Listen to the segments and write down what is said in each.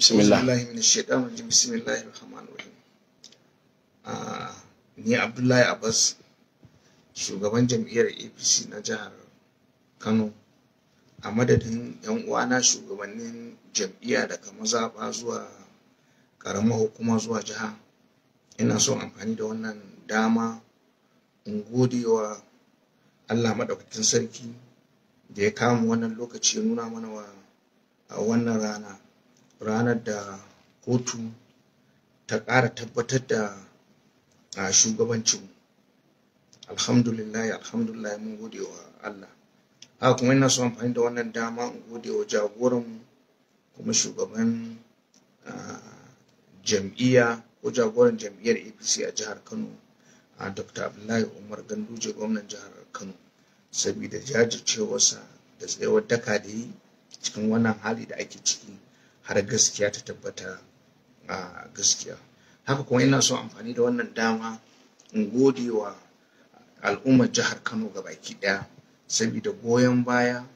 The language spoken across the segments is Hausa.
Ah, ni abdullahi abbas shugaban jam'iyyar apc na jihar kano a madadin yan uwana shugabannin jam'iyya daga mazaɓa zuwa ƙaramar hukuma zuwa jiha ina so amfani da wannan dama in gode wa allah maɗaukakin sarki da ya kama wannan lokaci ya nuna mana wa wannan rana ranar da kotu ta ƙara tabbatar da a shugabancin alhamdulillahi alhamdulillahi mun gode wa Allah haka kuma ina so amfani da wannan dama in gode wa jagoran kuma shugaban jam'iyya ko jagoran jam'iyyar apc a jihar kano a dr abdullahi umar ganduje gwamnan jihar kano saboda jajircewarsa da tsayawar daka da yi cikin wannan hali da ake ciki har gaskiya ta tabbata a gaskiya haka kuma ina so amfani da wannan dama in gode wa al'ummar jihar kano ga baki daya saboda goyon baya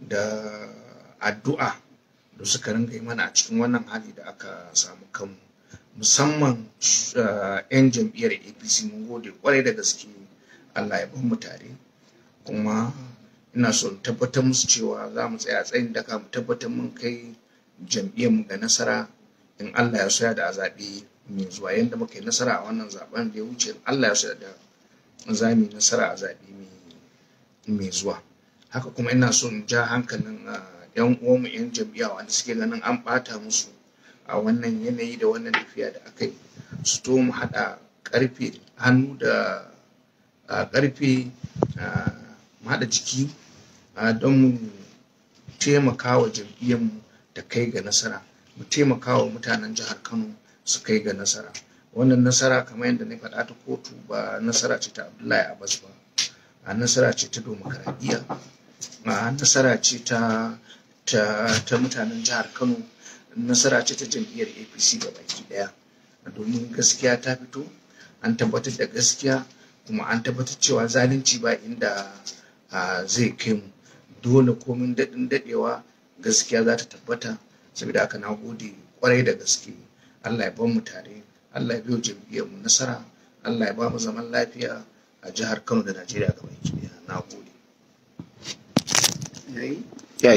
da addu'a da suka ringa yi mana a cikin wannan hali da aka samu kanmu musamman 'yan eh, jam'iyyar apc mun gode kwarai da gaske allah ya mu tare kuma ina so tabbatar musu cewa za mu tsaya tsayin daka mu tabbatar mun kai jam'iyyarmu da nasara in Allah ya soya da a zaɓe mai zuwa yadda muka yi nasara a wannan zaɓen da ya wuce in Allah ya soya da za mu yi nasara a zaɓe mai zuwa haka kuma ina so in ja hankalin ah, yan uwanmu yan jam'iyya wanda suke ganin an ɓata musu a wannan yanayi da wannan tafiya da aka yi su to mu haɗa ƙarfe hannu da ah, ƙarfe ah, mu haɗa jiki don mu taimaka wa jam'iyyarmu ta kai ga nasara mu taimaka wa mutanen jihar kano su kai ga nasara wannan nasara kamar yadda na faɗa ta kotu ba nasara ce ta abdullahi abbas ba a nasara ce ta domokaraɗiyya a nasara ce ta ta mutanen jihar kano nasara ce ta jam'iyyar apc ga baki ɗaya domin gaskiya ta fito an tabbatar da gaskiya kuma an tabbatar cewa zalunci ba inda zai kai mu dole komin daɗin daɗewa gaskiya za ta tabbata saboda haka na gode kwarai da gaske allah ya ban mu tare allah ya biyo jam'iyyar mu nasara allah ya ba mu zaman lafiya a jihar kano da najeriya gaba ɗaya na gode